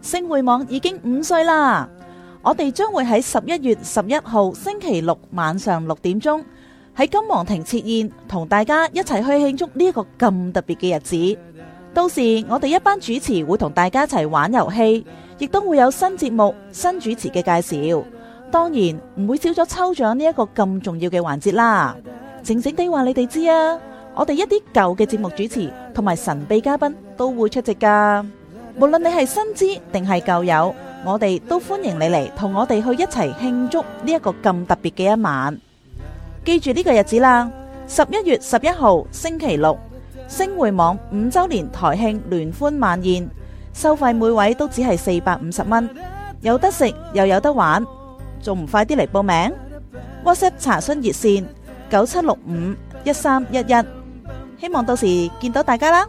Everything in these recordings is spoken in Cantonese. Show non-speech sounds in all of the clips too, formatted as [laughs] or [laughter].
星匯網已經五歲啦，我哋將會喺十一月十一號星期六晚上六點鐘喺金皇庭設宴，同大家一齊去慶祝呢一個咁特別嘅日子。到時我哋一班主持會同大家一齊玩遊戲，亦都會有新節目、新主持嘅介紹。當然唔會少咗抽獎呢一個咁重要嘅環節啦。靜靜地話你哋知啊，我哋一啲舊嘅節目主持同埋神秘嘉賓都會出席㗎。無論你係新知定係舊友，我哋都歡迎你嚟同我哋去一齊慶祝呢一個咁特別嘅一晚。記住呢個日子啦，十一月十一號星期六，星匯網五周年台慶聯歡晚宴，收費每位都只係四百五十蚊，有得食又有得玩，仲唔快啲嚟報名？WhatsApp 查詢熱線九七六五一三一一，希望到時見到大家啦。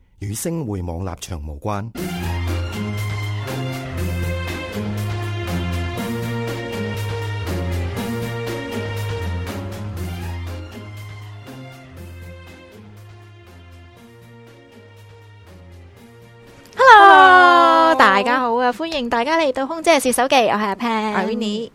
與星匯網立場無關。Hello，大家好啊！歡迎大家嚟到《空姐逸手記》，我係阿 Pan，我係 Vinny。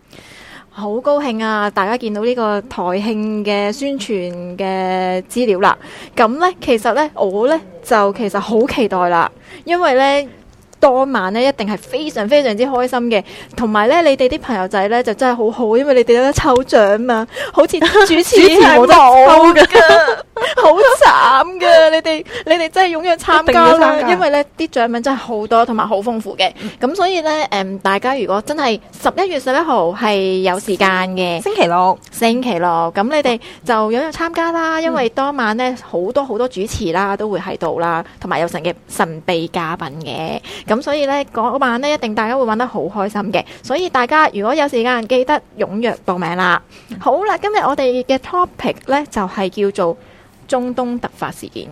好高興啊！大家見到呢個台慶嘅宣傳嘅資料啦，咁呢，其實呢，我呢，就其實好期待啦，因為呢。當晚咧一定係非常非常之開心嘅，同埋咧你哋啲朋友仔咧就真係好好，因為你哋有得抽獎啊，好似主持冇得抽噶，好慘噶的！ [laughs] 你哋你哋真係踊躍參加啦，加因為咧啲獎品真係好多，同埋好豐富嘅。咁、嗯、所以咧，誒，大家如果真係十一月十一號係有時間嘅，星期六，星期六，咁你哋就踊躍參加啦，嗯、因為當晚咧好多好多,多主持啦都會喺度啦，同埋有,有神嘅神秘嘉賓嘅。咁所以呢，嗰晚呢，一定大家會玩得好開心嘅。所以大家如果有時間，記得踴躍報名啦。嗯、好啦，今日我哋嘅 topic 呢，就係叫做中東突發事件。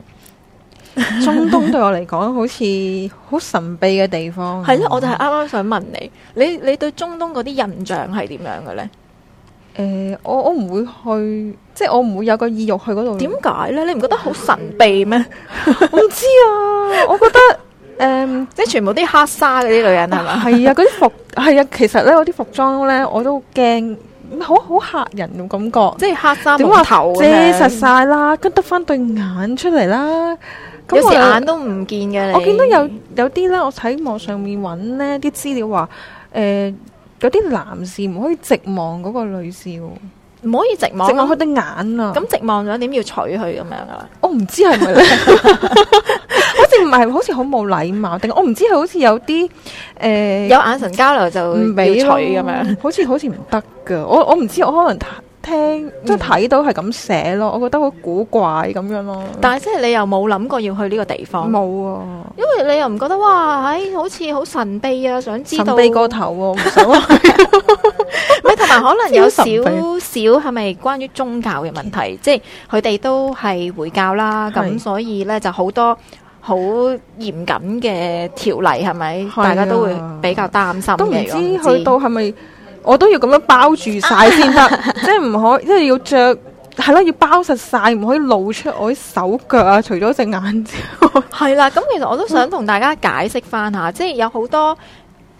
中東對我嚟講，好似好神秘嘅地方。係咧， [laughs] 我就係啱啱想問你，你你對中東嗰啲印象係點樣嘅呢？誒，我我唔會去，即係我唔會有個意欲去嗰度。點解呢？你唔覺得好神秘咩？ [laughs] 我唔知啊，我覺得。 [laughs] 誒，um, 即係全部啲黑紗嗰啲女人係嘛？係啊，嗰啲服係啊，其實咧嗰啲服裝咧，我都驚，好好吓人嘅感覺，即係黑紗冇頭嘅，遮實晒、嗯、啦，跟得翻對眼出嚟啦，咁我眼都唔見嘅。我見到有有啲咧，我喺網上面搵咧啲資料話，誒、呃，啲男士唔可以直望嗰個女士，唔可以直望直望佢對眼啊，咁直望咗點要娶佢咁樣噶啦？我唔知係咪唔係好似好冇禮貌，定我唔知佢好似有啲誒有眼神交流就要取咁 [laughs] 樣，好似好似唔得噶。我我唔知，我可能聽即係睇到係咁寫咯。我覺得好古怪咁樣咯。但係即係你又冇諗過要去呢個地方冇啊？因為你又唔覺得。哇，唉、哎，好似好神秘啊，想知道神秘過頭喎，唔好啊。咪同埋可能有少少係咪關於宗教嘅問題？神神即係佢哋都係回教啦，咁所以咧就好多。 [laughs] [laughs] 好嚴謹嘅條例係咪？是是的大家都會比較擔心。都唔知去到係咪？我都要咁樣包住晒先得，即係唔可，即係要着，係咯，要包實晒，唔可以露出我啲手腳啊！除咗隻眼。係 [laughs] 啦，咁其實我都想同大家解釋翻下，嗯、即係有好多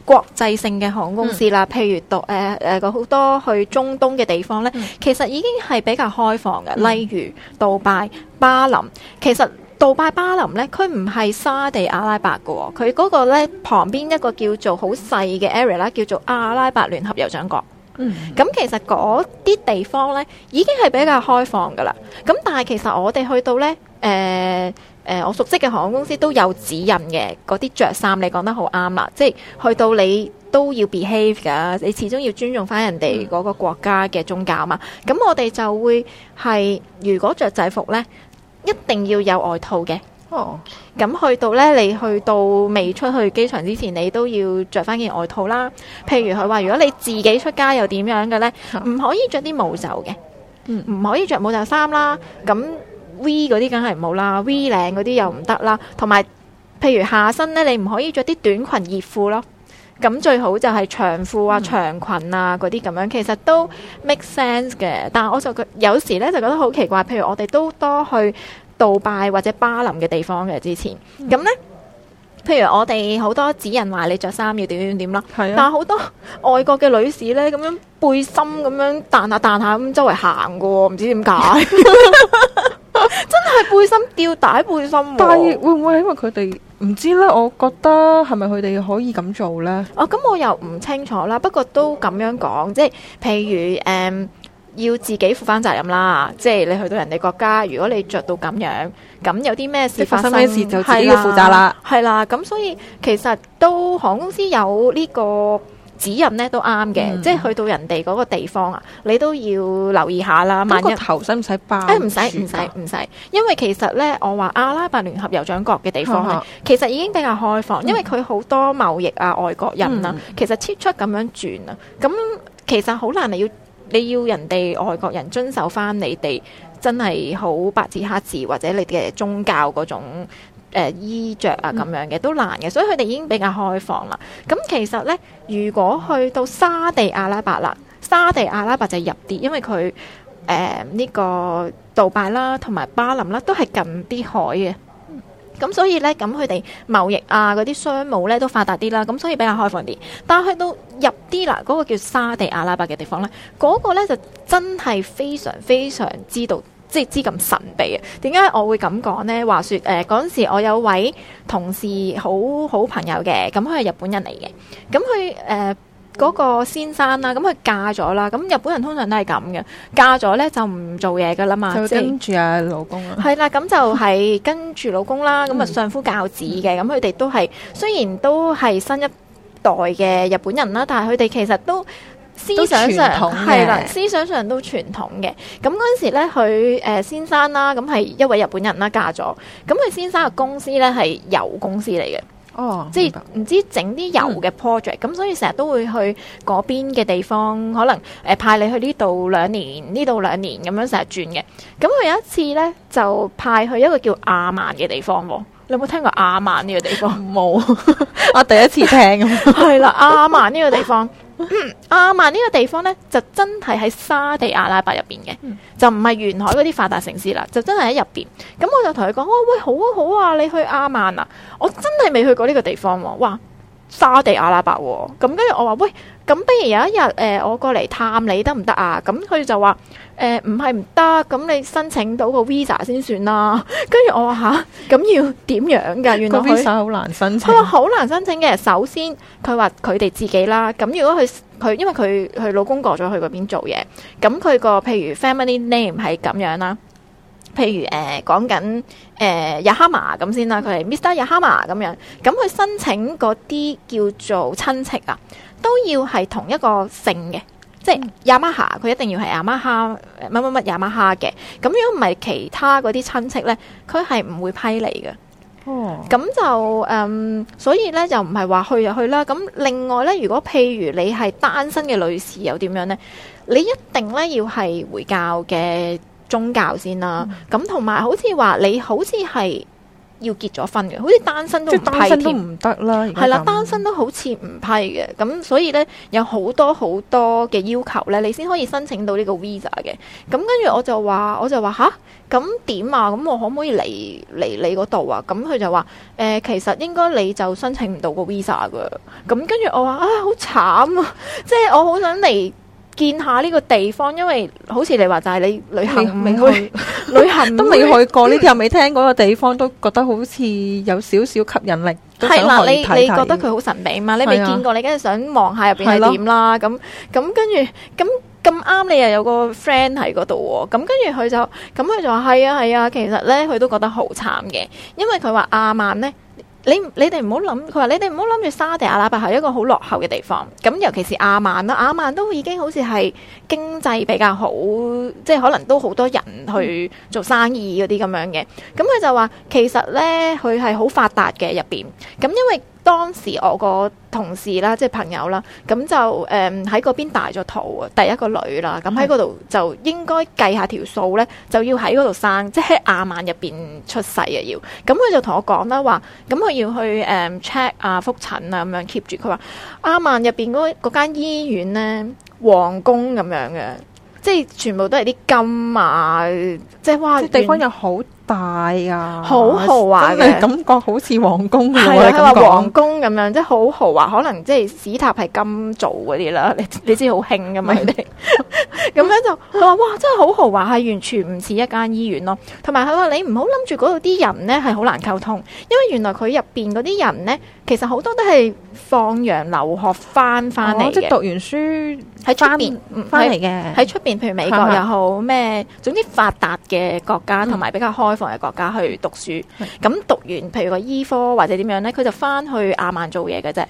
國際性嘅航空公司啦，嗯、譬如到誒誒好多去中東嘅地方呢，嗯、其實已經係比較開放嘅，嗯、例如杜拜、巴林，其實。杜拜巴林咧，佢唔係沙地阿拉伯噶、哦，佢嗰個咧，旁邊一個叫做好細嘅 area 啦，叫做阿拉伯聯合酋長國。嗯，咁、嗯、其實嗰啲地方咧已經係比較開放噶啦。咁、嗯、但係其實我哋去到咧，誒、呃、誒、呃、我熟悉嘅航空公司都有指引嘅。嗰啲着衫你講得好啱啦，即係去到你都要 behave 噶，你始終要尊重翻人哋嗰個國家嘅宗教啊嘛。咁、嗯嗯、我哋就會係如果着制服咧一定要有外套嘅哦，咁去到呢，你去到未出去機場之前，你都要着返件外套啦。譬如佢話，如果你自己出街又點樣嘅呢？唔可以着啲毛袖嘅，唔、嗯、可以着冇袖衫啦。咁 V 嗰啲梗係唔好啦，V 領嗰啲又唔得啦。同埋，譬如下身呢，你唔可以着啲短裙、熱褲咯。咁最好就係長褲啊、長裙啊嗰啲咁樣，其實都 make sense 嘅。但係我就覺得有時咧就覺得好奇怪，譬如我哋都多去杜拜或者巴林嘅地方嘅之前，咁咧、嗯，譬如我哋好多指引話你着衫要點點點咯。啊、但係好多外國嘅女士咧，咁樣背心咁樣咁樣彈下彈下咁周圍行過唔知點解， [laughs] [laughs] 真係背心吊帶背心，但係會唔會因為佢哋？唔知咧，我覺得係咪佢哋可以咁做呢？哦，咁我又唔清楚啦。不過都咁樣講，即係譬如誒、嗯，要自己負返責任啦。即係你去到人哋國家，如果你着到咁樣，咁有啲咩事發生，咩事就自己要負責啦。係啦，咁所以其實都航空公司有呢、這個。指引咧都啱嘅，嗯、即係去到人哋嗰個地方啊，你都要留意下啦。萬一個頭使唔使包？誒唔使，唔使唔使，因為其實咧，我話阿拉伯聯合酋長國嘅地方，嗯、其實已經比較開放，嗯、因為佢好多貿易啊，外國人、嗯、啊，其實超出咁樣轉啊，咁其實好難啊，要你要，你要人哋外國人遵守返你哋真係好白紙黑字或者你嘅宗教嗰種。呃、衣着啊咁樣嘅都難嘅，所以佢哋已經比較開放啦。咁其實呢，如果去到沙地阿拉伯啦，沙地阿拉伯就入啲，因為佢誒呢個杜拜啦，同埋巴林啦，都係近啲海嘅。咁、嗯、所以呢，咁佢哋貿易啊嗰啲商務呢，都發達啲啦。咁所以比較開放啲。但去到入啲啦，嗰、那個叫沙地阿拉伯嘅地方呢，嗰、嗰個呢就真係非常非常知道。即係知咁神秘啊？點解我會咁講呢？話説誒，嗰陣時我有位同事好好朋友嘅，咁佢係日本人嚟嘅。咁佢誒嗰個先生啦，咁佢嫁咗啦。咁日本人通常都係咁嘅，嫁咗呢就唔做嘢噶啦嘛。就跟住阿老公啊。係啦，咁就係跟住老公啦。咁啊，相夫教子嘅。咁佢哋都係雖然都係新一代嘅日本人啦，但係佢哋其實都。思想上係啦，思想上都傳統嘅。咁嗰陣時咧，佢誒、呃、先生啦，咁係一位日本人啦，嫁咗。咁佢先生嘅公司咧係油公司嚟嘅，哦，即係唔白知整啲油嘅 project、嗯。咁所以成日都會去嗰邊嘅地方，可能誒派你去呢度兩年，呢度兩年咁樣成日轉嘅。咁佢有一次咧，就派去一個叫阿曼嘅地方。你有冇聽過阿曼呢個地方？冇 [laughs] 沒有， [laughs] 我第一次聽。係 [laughs] 啦， [laughs] 阿曼呢個地方。 [laughs] 阿曼呢個地方呢，就真係喺沙地阿拉伯入邊嘅，嗯、就唔係沿海嗰啲發達城市啦，就真係喺入邊。咁我就同佢講：哇、哦、喂，好啊好啊，你去阿曼啊？我真係未去過呢個地方、啊，哇！沙地阿拉伯喎、哦，咁跟住我話喂，咁不如有一日誒、呃，我過嚟探你得唔得啊？咁、嗯、佢就話誒，唔係唔得，咁、嗯、你申請到個 visa 先算啦。跟住我話吓，咁、啊、要點樣噶？原來個 visa 好難申請。佢話好難申請嘅，首先佢話佢哋自己啦。咁、嗯、如果佢佢因為佢佢老公過咗去嗰邊做嘢，咁佢個譬如 family name 係咁樣啦。譬如誒講緊誒雅哈馬咁先啦，佢係 Mr. 雅哈馬咁樣，咁佢申請嗰啲叫做親戚啊，都要係同一個姓嘅，即係雅馬哈，佢一定要係雅馬哈乜乜乜雅馬哈嘅。咁如果唔係其他嗰啲親戚咧，佢係唔會批你嘅。哦、嗯，咁就誒、嗯，所以咧就唔係話去就去啦。咁另外咧，如果譬如你係單身嘅女士又點樣咧？你一定咧要係回教嘅宗教先啦，咁同埋好似話，你好似係要結咗婚嘅，好似單身都唔得啦，係啦，單身都好似唔批嘅。咁所以咧有好多好多嘅要求咧，你先可以申請到呢個 visa 嘅。咁跟住我就話，我就話吓，咁點啊？咁、啊、我可唔可以嚟嚟你嗰度啊？咁佢就話誒、呃，其實應該你就申請唔到個 visa 噶咁跟住我話啊，好慘啊！即係我好想嚟。見下呢個地方，因為好似你話就係你旅行未去， [laughs] 旅行都未去過，呢啲又未聽過個地方，都覺得好似有少少吸引力。係啦，看看你你覺得佢好神秘嘛？對啦 你未見過，你梗係想望下入邊係點啦。咁咁對啦 跟住咁咁啱，你又有個 friend 喺嗰度喎。咁跟住佢就咁，佢就話係啊係啊，啊，其實咧佢都覺得好慘嘅，因為佢話阿曼咧。你你哋唔好諗，佢話你哋唔好諗住沙地阿喇伯係一個好落後嘅地方，咁尤其是亞曼啦，亞曼都已經好似係經濟比較好，即係可能都好多人去做生意嗰啲咁樣嘅，咁佢就話其實咧佢係好發達嘅入邊，咁因為。當時我個同事啦，即係朋友啦，咁就誒喺嗰邊大咗肚啊，第一個女啦，咁喺嗰度就應該計下條數咧，就要喺嗰度生，即係阿曼入邊出世啊要。咁佢就同我講啦，話咁佢要去誒 check 啊覆診啊咁樣 keep 住，佢話阿曼入邊嗰嗰間醫院咧，皇宮咁樣嘅，即係全部都係啲金啊，即係話地方有好大啊，好豪華嘅感覺好似皇宮咁樣，係佢話皇宮咁樣，即係好豪華，可能即係屎塔係金做嗰啲啦，你你知好興噶嘛？咁 [laughs] [laughs] [laughs] 樣就佢話哇，真係好豪華，係完全唔似一間醫院咯。同埋佢話你唔好諗住嗰度啲人咧係好難溝通，因為原來佢入邊嗰啲人咧，其實好多都係。放洋留學翻翻嚟，即係讀完書喺出面，翻嚟嘅，喺出邊譬如美國又好咩，總之發達嘅國家同埋、嗯、比較開放嘅國家去讀書，咁、嗯、讀完譬如個醫科或者點樣呢，佢就翻去阿曼做嘢嘅啫。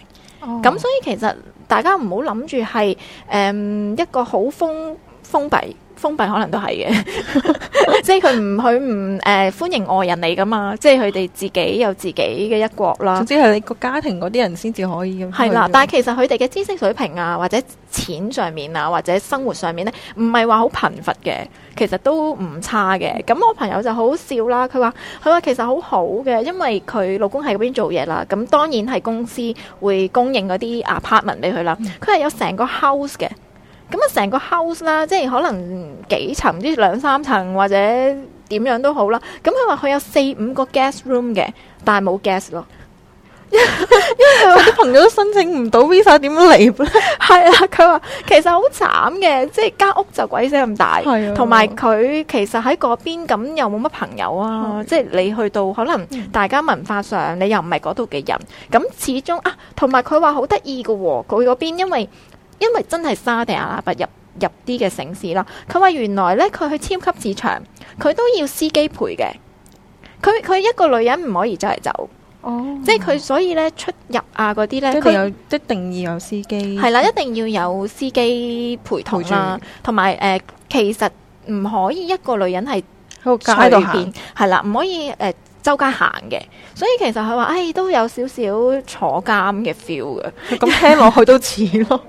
咁、哦、所以其實大家唔好諗住係誒一個好風。封閉封閉可能都係嘅， [laughs] 即係佢唔佢唔誒歡迎外人嚟噶嘛，即係佢哋自己有自己嘅一國啦。總之係你個家庭嗰啲人先至可以咁。係啦，但係其實佢哋嘅知識水平啊，或者錢上面啊，或者生活上面咧，唔係話好貧乏嘅，其實都唔差嘅。咁我朋友就好笑啦，佢話佢話其實好好嘅，因為佢老公喺嗰邊做嘢啦，咁當然係公司會供應嗰啲 apartment 俾佢啦，佢係有成個 house 嘅。咁啊，成、嗯、個 house 啦，即係可能幾層，唔知兩三層或者點樣都好啦。咁佢話佢有四五個 guest room 嘅，但係冇 guest 咯。 [laughs] 因為佢啲朋友都申請唔到 visa，點樣嚟咧？係 [laughs] 啊，佢話其實好慘嘅，即係間屋就鬼死咁大，同埋佢其實喺嗰邊咁又冇乜朋友啊。啊即係你去到可能大家文化上、嗯、你又唔係嗰度嘅人，咁始終啊，同埋佢話好得意嘅喎，佢嗰邊因為因為真係沙地阿拉伯，入入啲嘅城市啦。佢話原來咧，佢去超級市場，佢都要司機陪嘅。佢佢一個女人唔可以走嚟走。哦，oh. 即係佢所以咧出入啊嗰啲咧，佢有一定要有，它有司機係啦，一定要有司機陪同啊。同埋誒，其實唔可以一個女人係喺度街度行，係啦，唔可以誒。呃周街行嘅，所以其實佢話，哎，都有少少坐監嘅 feel 嘅。咁聽落去都似咯，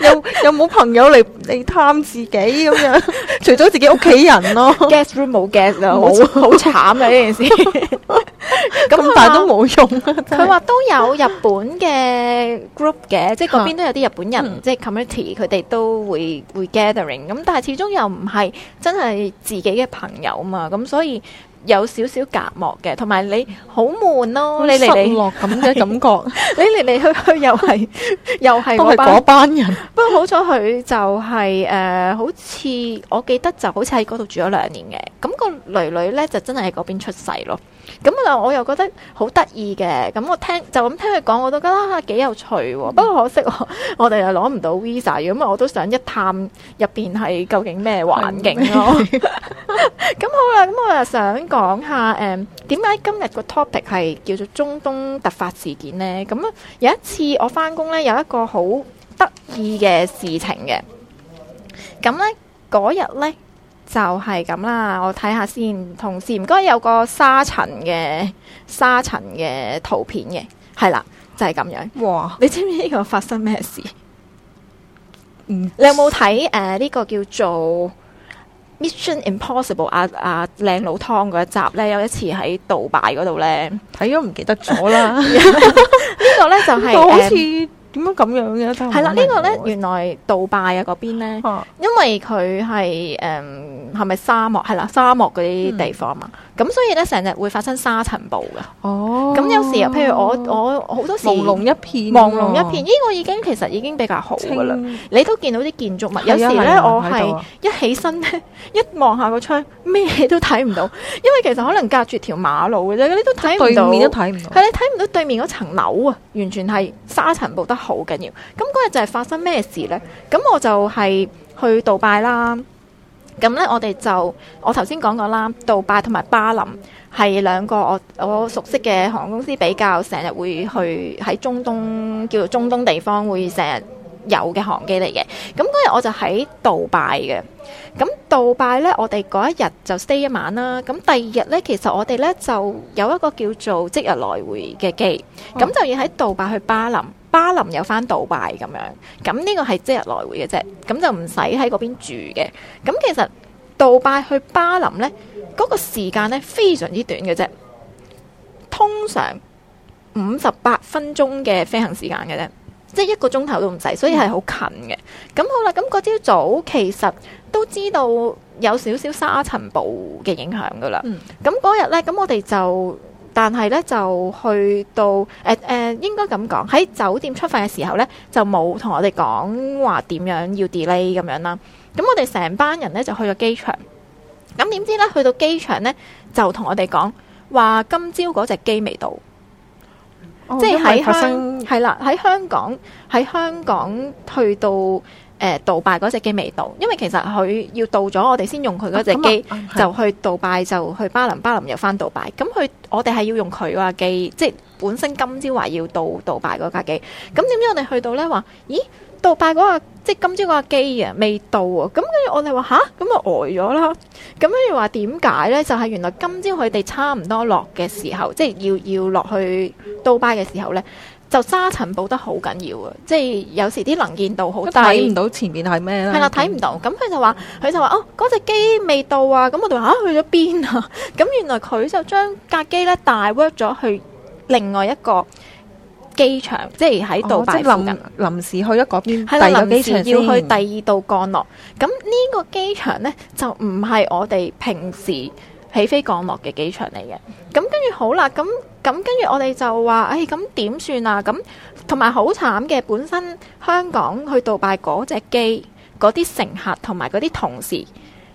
有有冇朋友嚟嚟探自己咁樣？除咗自己屋企人咯，guest room 冇 guest [laughs] 啊，好好慘啊呢件事。咁但係都冇用佢、啊、話都有日本嘅 group 嘅， [laughs] 即係嗰邊都有啲日本人，嗯、即係 community，佢哋都會會 gathering。咁但係始終又唔係真係自己嘅朋友嘛，咁所以。有少少隔膜嘅，同埋你好悶咯，失落咁嘅感覺。你嚟嚟去去又係又係，嗰班人。班人 [laughs] [laughs] 不過好彩佢就係、是、誒，uh, 好似我記得就好似喺嗰度住咗兩年嘅，咁、嗰個女女呢，就真係喺嗰邊出世咯。咁啊！我又覺得好得意嘅。咁我聽就咁聽佢講，我都覺得、啊、幾有趣。不過可惜我，我哋又攞唔到 Visa，咁啊，我都想一探入邊係究竟咩環境咯。咁、嗯、 [laughs] [laughs] 好啦，咁我又想講下誒，點、um, 解今日個 topic 係叫做中東突發事件呢？咁有一次我返工呢，有一個好得意嘅事情嘅，咁呢嗰日呢。就係咁啦，我睇下先。同事唔該有個沙塵嘅沙塵嘅圖片嘅，係啦，就係咁樣。哇！你知唔知呢個發生咩事？嗯，你有冇睇誒呢個叫做 Mission Impossible 阿阿靚佬湯嗰一集呢？有一次喺杜拜嗰度呢，睇咗唔記得咗啦。呢個 [laughs] [laughs] 呢，就係好似。點解咁樣嘅？係啦，這個、呢個咧，會原來杜拜邊呢啊嗰邊咧，因為佢係誒，係、嗯、咪沙漠？係啦，沙漠嗰啲地方啊。嗯咁所以咧，成日會發生沙塵暴㗎。哦，咁有時啊，譬如我我好多時朦朧一,一片，朦朧一片。咦，我已經其實已經比較好㗎啦。茫茫你都見到啲建築物，的有時咧我係一起身咧，一望下個窗，咩都睇唔到。因為其實可能隔住條馬路嘅啫，你都睇唔到。對面都睇唔到。係你睇唔到對面嗰層樓啊，完全係沙塵暴得好緊要。咁嗰日就係發生咩事咧？咁我就係去杜拜啦。咁咧，我哋就我頭先講過啦，杜拜同埋巴林係兩個我我熟悉嘅航空公司，比較成日會去喺中東，叫做中東地方會成日有嘅航機嚟嘅。咁嗰日我就喺杜拜嘅，咁杜拜咧，我哋嗰一日就 stay 一晚啦。咁第二日咧，其實我哋咧就有一個叫做即日來回嘅機，咁就要喺杜拜去巴林。巴林有翻杜拜咁樣，咁呢個係即日來回嘅啫，咁就唔使喺嗰邊住嘅。咁其實杜拜去巴林呢，嗰、嗰個時間呢非常之短嘅啫，通常五十八分鐘嘅飛行時間嘅啫，即係一個鐘頭都唔使，所以係、嗯、好近嘅。咁好啦，咁嗰朝早其實都知道有少少沙塵暴嘅影響噶啦。咁嗰、嗯、日呢，咁我哋就。但係咧就去到誒誒、呃呃、應該咁講，喺酒店出發嘅時候咧就冇同我哋講話點樣要 delay 咁樣啦。咁我哋成班人咧就去咗機場。咁點知咧去到機場咧就同我哋講話今朝嗰隻機未到，哦、即係喺香係啦喺香港喺香，香港去到。誒、呃，杜拜嗰隻機未到，因為其實佢要到咗，我哋先用佢嗰隻機就去杜拜，就去巴林，巴林又翻杜拜。咁佢我哋係要用佢架機，即係本身今朝話要到杜拜嗰架機。咁點知我哋去到呢？話，咦？杜拜嗰、嗰個即係今朝嗰架機啊，未到喎。咁跟住我哋話吓，咁咪呆咗啦。咁跟住話點解呢？就係、係、原來今朝佢哋差唔多落嘅時候，即係要要落去杜拜嘅時候呢。就沙塵暴得好緊要啊！即係有時啲能見度好低，睇唔到前面係咩啦。係啦，睇唔到。咁佢就話，佢就話，哦，嗰隻機未到啊！咁我哋話吓，去咗邊啊？咁原來佢就將架機咧 divert 咗去另外一個機場，即係喺度擺緊。臨時去咗嗰邊，係啦，臨時要去第二度降落。咁呢個機場咧就唔係我哋平時，起飛降落嘅機場嚟嘅，咁跟住好啦，咁咁跟住我哋就話，誒，咁點算啊？咁同埋好慘嘅，本身香港去杜拜嗰隻機，嗰啲乘客同埋嗰啲同事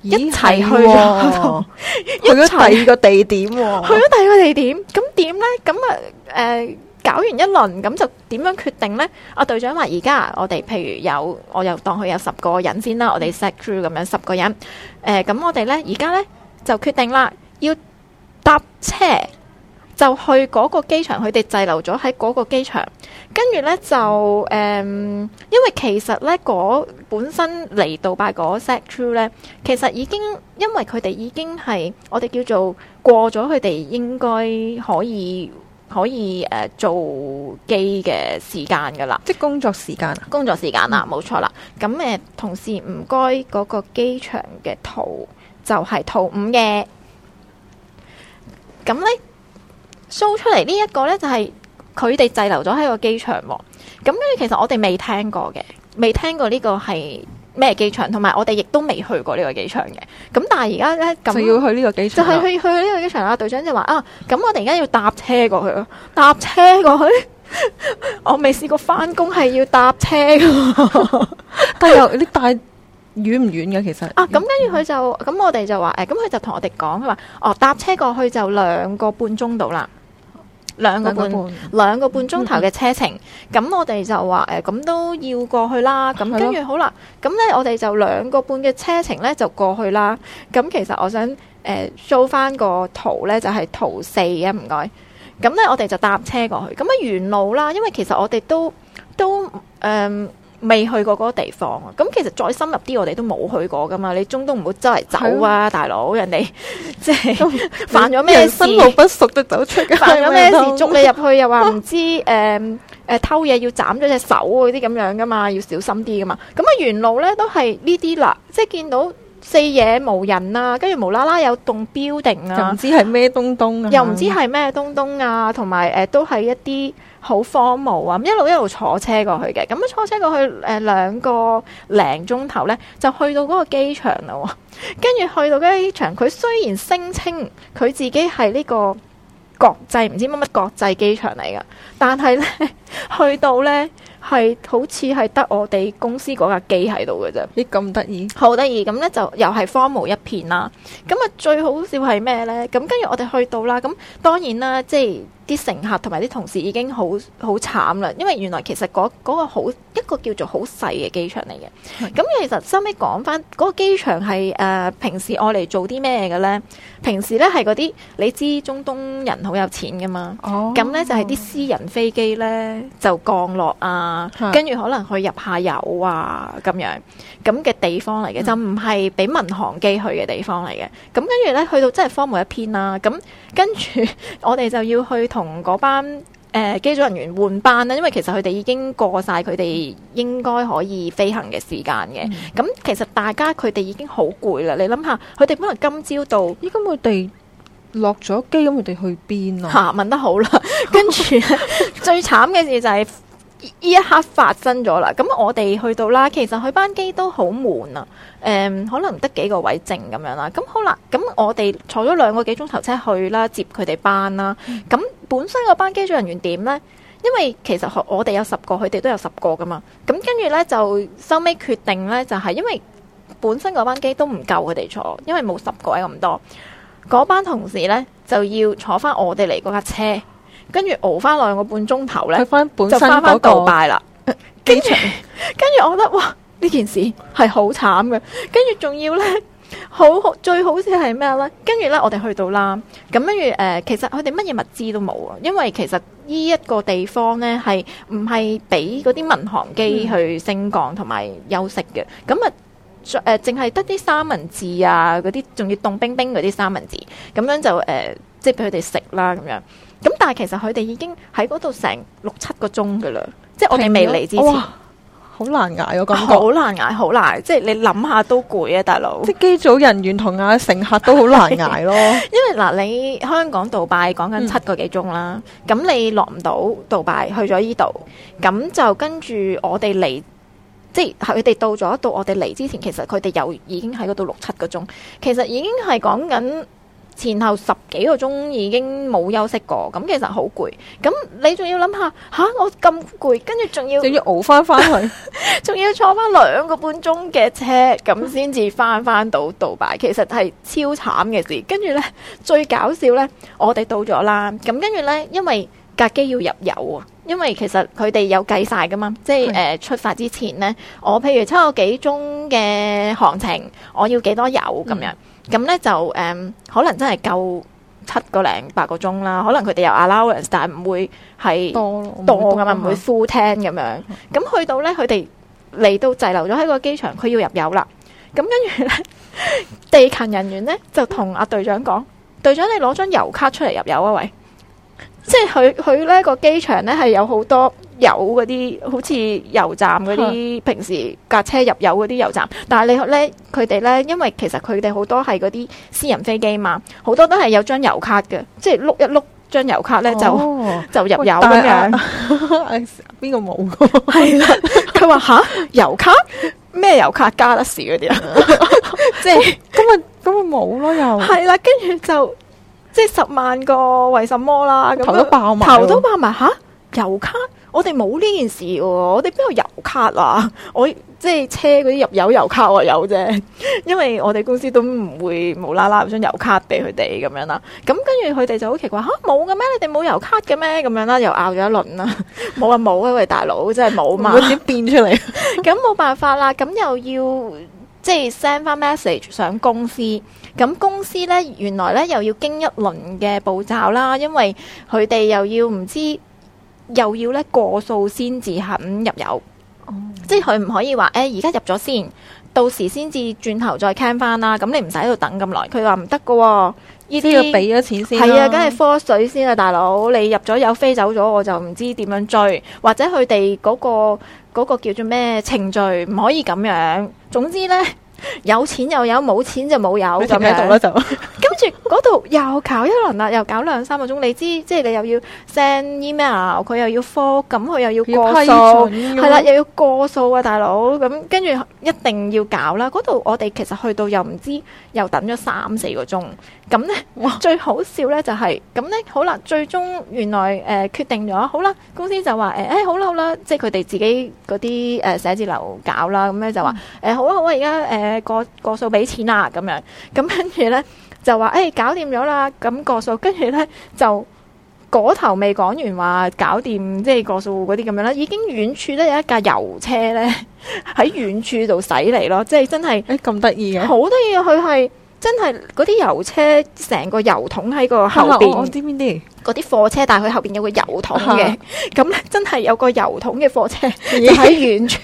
一齊去，去咗第二個地點，去咗第二個地點，咁點咧？咁啊，誒，搞完一輪，咁就點樣決定咧？阿隊長話，而家我哋譬如有，我又當佢有十個人先啦，我哋 set crew 咁樣十個人，誒，咁我哋咧，而家咧。就決定啦，要搭車就去嗰個機場，佢哋滯留咗喺嗰個機場，跟住呢，就誒、嗯，因為其實呢，本身嚟杜拜嗰 set crew 其實已經因為佢哋已經係我哋叫做過咗佢哋應該可以可以誒、呃、做機嘅時間㗎喇，即係工作時間，工作時間啊，冇、啊嗯、錯啦。咁誒、呃，同時唔該嗰個機場嘅圖。就係圖五嘅，咁咧，show 出嚟呢一個咧就係佢哋滯留咗喺個機場喎。咁跟住，其實我哋未聽過嘅，未聽過呢個係咩機場，同埋我哋亦都未去過呢個機場嘅。咁但係而家咧，就要去呢個機場，就係去去呢個機場啦！隊長就話啊，咁我哋而家要搭車過去咯，搭車過去，我未試過翻工係要搭車㗎，但係又啲大。遠唔遠嘅其實遠遠啊，咁跟住佢就咁，我哋就話誒，咁佢就同我哋講，佢話哦，搭車過去就兩個半鐘度啦，兩個半，兩個半鐘頭嘅車程。咁、嗯嗯、我哋就話誒，咁都要過去啦。咁跟住好啦，咁咧我哋就兩個半嘅車程咧就過去啦。咁其實我想誒、呃、show 翻個圖咧就係、是、圖四嘅、啊，唔該。咁咧我哋就搭車過去。咁啊沿路啦，因為其實我哋都都誒。呃未去過嗰個地方，咁其實再深入啲，我哋都冇去過噶嘛。你中東唔好周圍走啊，嗯、大佬，人哋即係是 [laughs] 犯咗咩事？生路不熟都走出，犯咗咩事？ [laughs] 捉你入去又話唔知，誒誒、啊嗯啊、偷嘢要斬咗隻手嗰啲咁樣噶嘛，要小心啲噶嘛。咁、嗯、啊，沿路咧都係呢啲啦，即係見到四野無人啊，跟住無啦啦有棟 building 啊，啊又唔知係咩東東，又唔知係咩東東啊，同埋誒都係一啲。好荒蕪啊！一路一路坐車過去嘅，咁、嗯、啊坐車過去誒兩、呃、個零鐘頭呢，就去到嗰個機場啦、哦。跟住去到嗰個機場，佢雖然聲稱佢自己係呢個國際唔知乜乜國際機場嚟噶，但係呢， [laughs] 去到呢，係好似係得我哋公司嗰架機喺度嘅啫。咦，咁得意，好得意！咁呢，就又係荒蕪一片啦。咁、嗯、啊最好笑係咩呢？咁跟住我哋去到啦。咁、嗯、當然啦，即係。啲乘客同埋啲同事已經好好慘啦，因為原來其實嗰、那、嗰個好、那個、一個叫做好細嘅機場嚟嘅。咁 [noise] 其實收尾講翻嗰個機場係誒平時愛嚟做啲咩嘅咧？平時咧係嗰啲你知中東人好有錢噶嘛？哦、oh.，咁咧就係、是、啲私人飛機咧就降落啊， [noise] 跟住可能去入下油啊咁樣，咁嘅地方嚟嘅， [noise] 就唔係俾民航機去嘅地方嚟嘅。咁、嗯、跟住咧去到真係荒蕪一片啦、啊。咁跟住我哋就要去同。同嗰班誒、呃、機組人員換班咧，因為其實佢哋已經過晒佢哋應該可以飛行嘅時間嘅。咁、嗯、其實大家佢哋已經好攰啦。你諗下，佢哋可能今朝到，依家佢哋落咗機，咁佢哋去邊啊？嚇，問得好啦。 [laughs] 跟住著 [laughs] [laughs] 最慘嘅事就係、是。呢一刻發生咗啦，咁我哋去到啦，其實去班機都好悶啊，誒、嗯，可能得幾個位靜咁樣啦。咁、嗯、好啦，咁我哋坐咗兩個幾鐘頭車去啦，接佢哋班啦。咁本身個班機組人員點呢？因為其實我哋有十個，佢哋都有十個噶嘛。咁跟住呢，就收尾決定呢，就係、是、因為本身個班機都唔夠佢哋坐，因為冇十個位咁多，嗰班同事呢，就要坐翻我哋嚟嗰架車。跟住熬翻兩個半鐘頭咧，本就翻翻告敗啦。跟住，跟住我覺得哇，呢件事係好慘嘅。跟住仲要咧，好好最好似係咩咧？跟住咧，我哋去到啦，咁跟住誒、呃，其實佢哋乜嘢物資都冇啊，因為其實呢一個地方咧，係唔係俾嗰啲民航機去升降同埋休息嘅。咁啊、嗯，誒淨係得啲三文治啊，嗰啲仲要凍冰冰嗰啲三文治，咁樣就誒、呃，即係俾佢哋食啦咁樣。咁、嗯、但係其實佢哋已經喺嗰度成六七個鐘噶啦，即係我哋未嚟之前，好、哦、難挨我感覺，好、啊、難挨，好難，即係你諗下都攰啊，大佬。即係機組人員同啊乘客都好難挨咯。 [laughs] 因為嗱，你香港杜拜講緊七個幾鐘啦，咁、嗯、你落唔到杜拜去咗呢度，咁就跟住我哋嚟，即係佢哋到咗到我哋嚟之前，其實佢哋又已經喺嗰度六七個鐘，其實已經係講緊。前後十幾個鐘已經冇休息過，咁其實好攰。咁你仲要諗下，吓我咁攰，跟住仲要仲要熬翻翻去，仲 [laughs] 要坐翻兩個半鐘嘅車，咁先至翻翻到杜拜。其實係超慘嘅事。跟住呢，最搞笑呢，我哋到咗啦。咁跟住呢，因為架機要入油啊，因為其實佢哋有計晒噶嘛，即係誒是、呃、出發之前呢，我譬如七個幾鐘嘅行程，我要幾多油咁樣。嗯咁咧就誒、嗯，可能真係夠七個零八個鐘啦。可能佢哋有 Allowance，但係唔會係多多咁啊，唔了會 full ten 咁樣。咁去到咧，佢哋嚟到滯留咗喺個機場，佢要入油啦。咁跟住咧，地勤人員咧就同阿、啊、隊長講： [laughs] 隊長，你攞張油卡出嚟入油啊！喂。即係佢佢咧個機場咧係有好多有嗰啲，好似油站嗰啲 [laughs] 平時架車入油嗰啲油站。但係你咧佢哋咧，因為其實佢哋好多係嗰啲私人飛機嘛，好多都係有張油卡嘅，即係碌一碌張油卡咧就就入油咁樣。邊個冇㗎？係啦，佢話吓油卡咩油卡加得士嗰啲啊？即係咁咪咁咪冇咯？哦、 [laughs] 又係啦，跟住 [laughs] 就。即係十萬個為什麼啦，咁頭都爆埋，頭都爆埋。吓油卡，我哋冇呢件事喎、啊，我哋邊有油卡啊？我即係車嗰啲入油油卡啊有啫，因為我哋公司都唔會無啦啦俾張油卡俾佢哋咁樣啦。咁跟住佢哋就好奇怪，吓冇嘅咩？你哋冇油卡嘅咩？咁樣啦，又拗咗一輪啦。冇 [laughs] 啊冇啊，喂大佬，真係冇嘛？點變出嚟？咁冇辦法啦，咁又要。即係 send 翻 message 上公司，咁公司呢原來呢又要經一輪嘅步驟啦，因為佢哋又要唔知，又要呢過數先至肯入油。哦，即係佢唔可以話誒，而家入咗先，到時先至轉頭再傾翻啦。咁你唔使喺度等咁耐。佢話唔得㗎喎，呢啲要俾咗錢先。係啊，梗係科水先啊，大佬。你入咗油飛走咗，我就唔知點樣追，或者佢哋嗰個。嗰個叫做咩程序，唔可以咁樣。總之呢，有錢又有，有，冇錢就冇有咁樣。做啦就，跟住嗰度又搞一輪啦，又搞兩三個鐘。你知即係你又要 send email，佢又要科，咁佢又要過數，係啦、啊、又要過數啊，大佬。咁跟住一定要搞啦。嗰度我哋其實去到又唔知，又等咗三四個鐘。咁咧最好笑咧就係咁咧，好啦，最終原來誒、呃、決定咗，好啦，公司就話誒，誒、欸、好啦好啦，即係佢哋自己嗰啲誒寫字樓搞啦，咁咧就話誒、欸、好啊好啊，而家誒過過數俾錢啦咁樣，咁跟住咧就話誒、欸、搞掂咗啦，咁過數，跟住咧就嗰頭未講完話搞掂，即係過數嗰啲咁樣啦，已經遠處咧有一架油車咧喺 [laughs] 遠處度駛嚟咯，即係真係誒咁得意嘅，欸、好得意啊，佢係。真係嗰啲油車，成個油桶喺個後邊。我知邊啲？嗰啲貨車，但係佢後邊有個油桶嘅。咁咧，真係有個油桶嘅貨車喺遠處。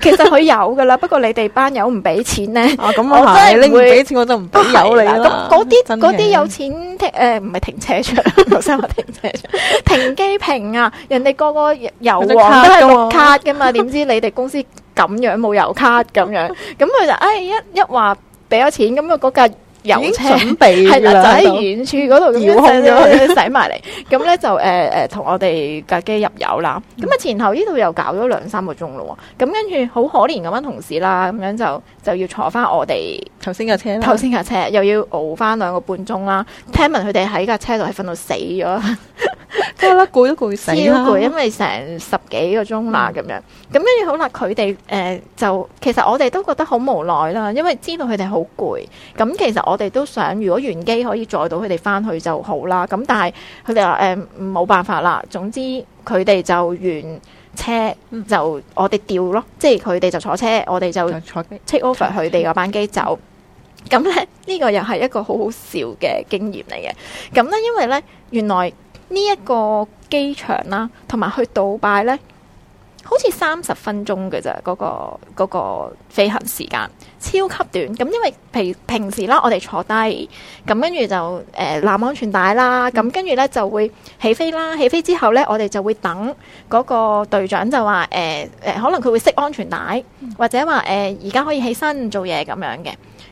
其實佢有噶啦，不過你哋班友唔俾錢咧。啊，咁啊，係唔俾錢我就唔俾油你啦。嗰啲嗰啲有錢停誒，唔係停車場，頭先話停車場停機坪啊，人哋個個油都係綠卡嘅嘛，點知你哋公司咁樣冇油卡咁樣？咁佢就誒一一話。俾咗錢，咁啊嗰架油車準備係啦，就喺遠處嗰度咁樣洗埋嚟，咁咧 [laughs] 就誒誒同我哋架機入油啦。咁啊 [laughs] 前後呢度又搞咗兩三個鐘咯，咁跟住好可憐咁樣同事啦，咁樣就就要坐翻我哋頭先架車，頭先架車又要熬翻兩個半鐘啦。聽聞佢哋喺架車度係瞓到死咗。 [laughs] 係啦，攰都攰死啦，因為成十幾個鐘啦咁樣，咁跟住好啦，佢哋誒就其實我哋都覺得好無奈啦，因為知道佢哋好攰，咁其實我哋都想如果原機可以載到佢哋返去就好啦，咁但係佢哋話誒冇辦法啦，總之佢哋就完車就我哋調咯，即係佢哋就坐車，我哋就坐 take over 佢哋個班機走，咁咧呢、這個又係一個好好笑嘅經驗嚟嘅，咁咧因為咧原來。呢一個機場啦，同埋去杜拜呢，好似三十分鐘嘅咋。嗰、個嗰、個、飛行時間超級短。咁因為平平時啦，我哋坐低咁跟住就誒攬、呃、安全帶啦，咁跟住呢，就會起飛啦。起飛之後呢，我哋就會等嗰個隊長就話誒誒，可能佢會熄安全帶，或者話誒而家可以起身做嘢咁樣嘅。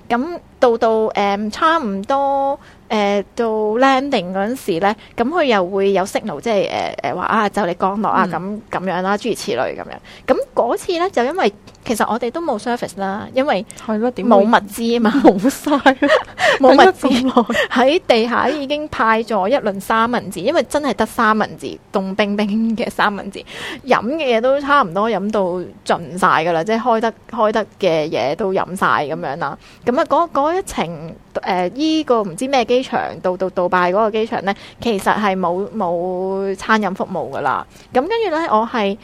咁到到誒、呃、差唔多。誒到 landing 陣時咧，咁佢又會有 signal，即係誒誒話啊，就嚟降落啊，咁咁樣啦，諸如此類咁樣。咁。嗰次咧就因為其實我哋都冇 service 啦，因為冇物資啊嘛，冇晒啦，冇 [laughs] 物資，喺地下已經派咗一輪三文治，因為真係得三文治凍冰冰嘅三文治，飲嘅嘢都差唔多飲到盡晒噶啦，即係開得開得嘅嘢都飲晒咁樣啦。咁啊嗰一程誒呢、呃這個唔知咩機場到到杜，杜，杜拜嗰個機場咧，其實係冇冇餐飲服務噶啦。咁跟住咧我係。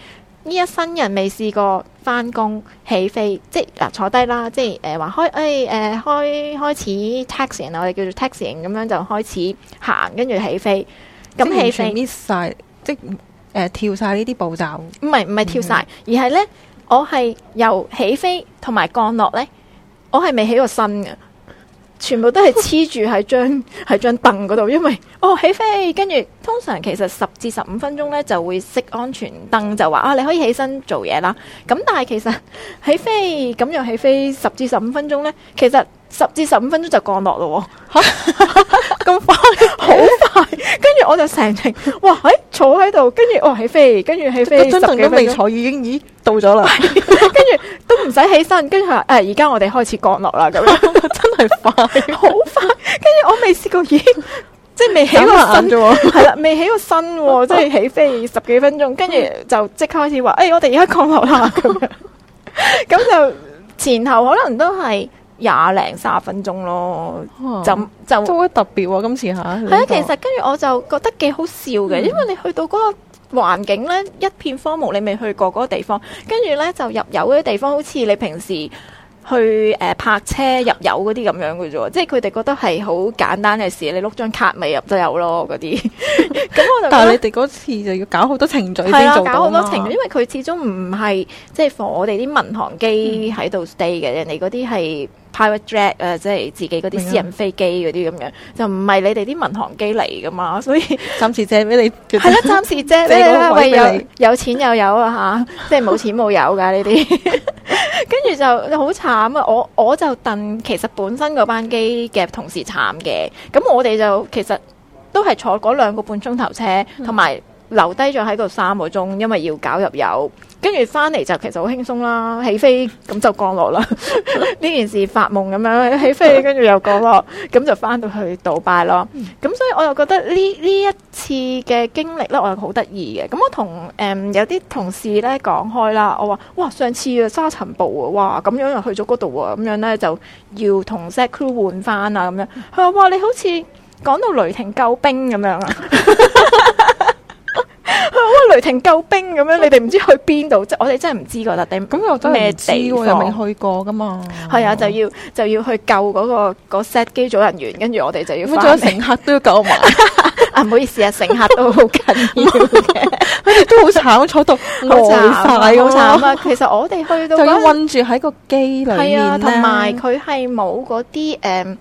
呢一新人未試過返工起飛，即係嗱坐低啦，即係誒話開誒誒、呃、開開始 taxing，我哋叫做 taxing 咁樣就開始行，跟住起飛，咁起飛 miss 晒，即係誒、呃、跳晒、嗯嗯、呢啲步驟。唔係唔係跳晒，而係咧我係由起飛同埋降落咧，我係未起過身嘅。全部都係黐住喺張喺張凳度，因為哦起飛，跟住通常其實十至十五分鐘咧就會熄安全燈，就話啊你可以起身做嘢啦。咁但係其實起飛咁樣起飛十至十五分鐘咧，其實十至十五分鐘就降落咯，吓咁快好。跟住我就成程哇，喺、哎、坐喺度，跟住哦起飛，跟住起飛、那個、十幾分鐘，都未坐已經咦到咗啦，跟住都唔使起身，跟住誒而家我哋開始降落啦咁樣， [laughs] 真係快，好 [laughs] 快，跟住我未試過已經即係未起過身啫喎，係啦，未起過身，即係起飛十幾分鐘，跟住就即刻開始話誒我哋而家降落啦咁樣，咁 [laughs] 就前後可能都係。廿零三十分鐘咯，就就都好特別喎！今次嚇係啊，其實跟住我就覺得幾好笑嘅，因為你去到嗰個環境咧，一片荒蕪，你未去過嗰個地方，跟住咧就入油嗰啲地方，好似你平時去誒泊車入油嗰啲咁樣嘅啫喎，即係佢哋覺得係好簡單嘅事，你碌張卡咪入就有咯嗰啲。咁我就但係你哋嗰次就要搞好多程序，搞好多程序，因為佢始終唔係即係放我哋啲民航機喺度 stay 嘅，人哋嗰啲係。private jet 即係自己啲私人飛機啲咁樣，白就唔係你哋啲民航機嚟噶嘛，所以暫時借俾你。係咯，暫時借。 [laughs] 借你係咪有有錢又有油啊？嚇、 [laughs] 啊，即係冇錢冇油噶呢啲。跟 [laughs] 住就好慘啊！我我就戥，其實本身嗰班機嘅同事慘嘅。咁我哋就其實都係坐嗰兩個半鐘頭車，同埋留低咗喺度三個鐘，因為要搞入油。跟住翻嚟就其實好輕鬆啦，起飛咁就降落啦。呢 [laughs] 件事發夢咁樣，起飛跟住又降落，咁 [laughs] 就翻到去道拜咯。咁 [noise] 所以我又覺得呢呢一次嘅經歷咧，我又好得意嘅。咁我同誒、嗯、有啲同事咧講開啦，我話：哇，上次沙塵暴啊，哇咁樣又去咗嗰度啊，咁樣咧就要同 Z crew 換翻啊咁樣。佢話：哇 [noise] [noise] [noise] 你好似講到雷霆救兵咁樣啊！ [laughs] [laughs] 哇！雷霆救兵咁樣，你哋唔知去邊度，即係我哋真係唔知㗎，特定咁又真係唔知喎，又未去過噶嘛？係啊，就要就要去救嗰個個 set 機組人員，跟住我哋就要，咗乘客都要救埋啊！唔好意思啊，乘客都好緊要嘅，佢哋都好慘，坐到攔曬好慘啊。其實我哋去到就困住喺個機裏面咧，同埋佢係冇嗰啲誒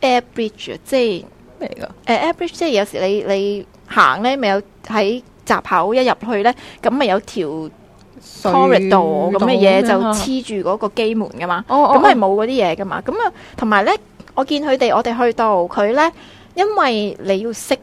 air bridge，即係咩㗎？誒 air bridge 即係有時你你行咧，咪有喺。閘口一入去咧，咁咪有條 corridor 咁嘅嘢就黐住嗰個機門噶嘛，咁係冇嗰啲嘢噶嘛，咁啊，同埋咧，我見佢哋我哋去到佢咧，因為你要熄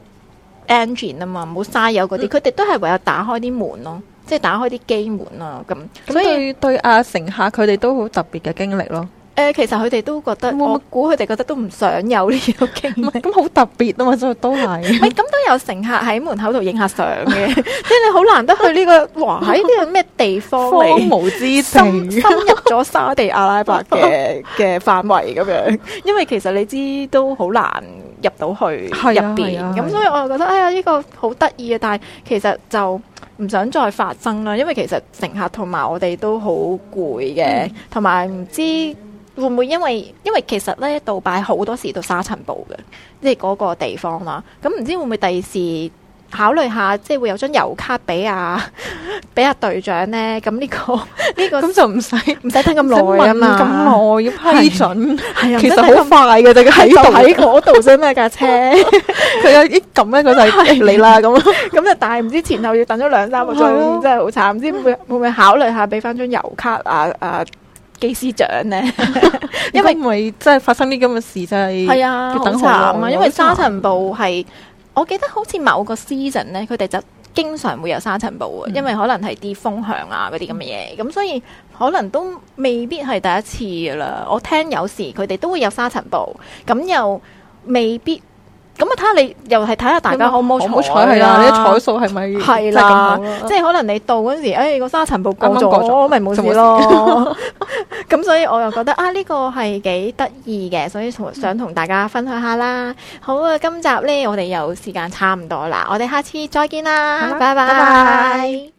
engine 啊嘛，冇嘥油嗰啲，佢哋、嗯、都係唯有打開啲門咯，即係打開啲機門啊，咁，所以對阿乘客佢哋都好特別嘅經歷咯。誒，其實佢哋都覺得，哇我估佢哋覺得都唔想有呢個經歷，咁好、啊、 [laughs] 特別啊嘛，都係，係咁、 [laughs] 啊、都有乘客喺門口度影下相嘅，即係你好難得去呢、這個，哇喺呢個咩地方嚟，荒蕪之地，深，深入咗沙地阿拉伯嘅嘅 [laughs] 範圍咁樣，因為其實你知都好難入到去入邊，咁所以我就覺得，哎呀呢個好得意啊，啊啊啊啊啊啊啊但係其實就唔想再發生啦，因為其實乘客同埋我哋都好攰嘅，同埋唔知。 [laughs] [laughs] 會唔會因為因為其實咧，杜拜好多時都沙塵暴嘅，即係嗰個地方啦。咁唔知會唔會第二時考慮下，即係會有張油卡俾阿俾阿隊長咧？咁呢個呢個咁就唔使唔使等咁耐啊嘛！咁耐要批准，係啊，其實好快嘅啫，佢喺度喺嗰度啫嘛，架車佢有啲咁樣咧，佢就嚟啦咁。咁就但係唔知前後要等咗兩三個鐘，真係好慘。唔知會會唔會考慮下俾翻張油卡啊啊？機師長呢？ [laughs] 因為真係發生啲咁嘅事真係，好慘啊！因為沙塵暴係，我記得好似某個 season 咧，佢哋就經常會有沙塵暴啊，嗯、因為可能係啲風向啊嗰啲咁嘅嘢，咁所以可能都未必係第一次噶啦。我聽有時佢哋都會有沙塵暴，咁又未必。咁啊！睇下你又係睇下大家、嗯、可冇彩，冇彩係啦，啲彩數係咪即係咁？即係可能你到嗰陣時，誒、哎個沙塵暴過咗，我咪冇事咯。咁 [laughs] [laughs] 所以我又覺得啊，呢、呢個係幾得意嘅，所以想同大家分享下啦。嗯、好啊，今集咧我哋又時間差唔多啦，我哋下次再見啦，拜拜。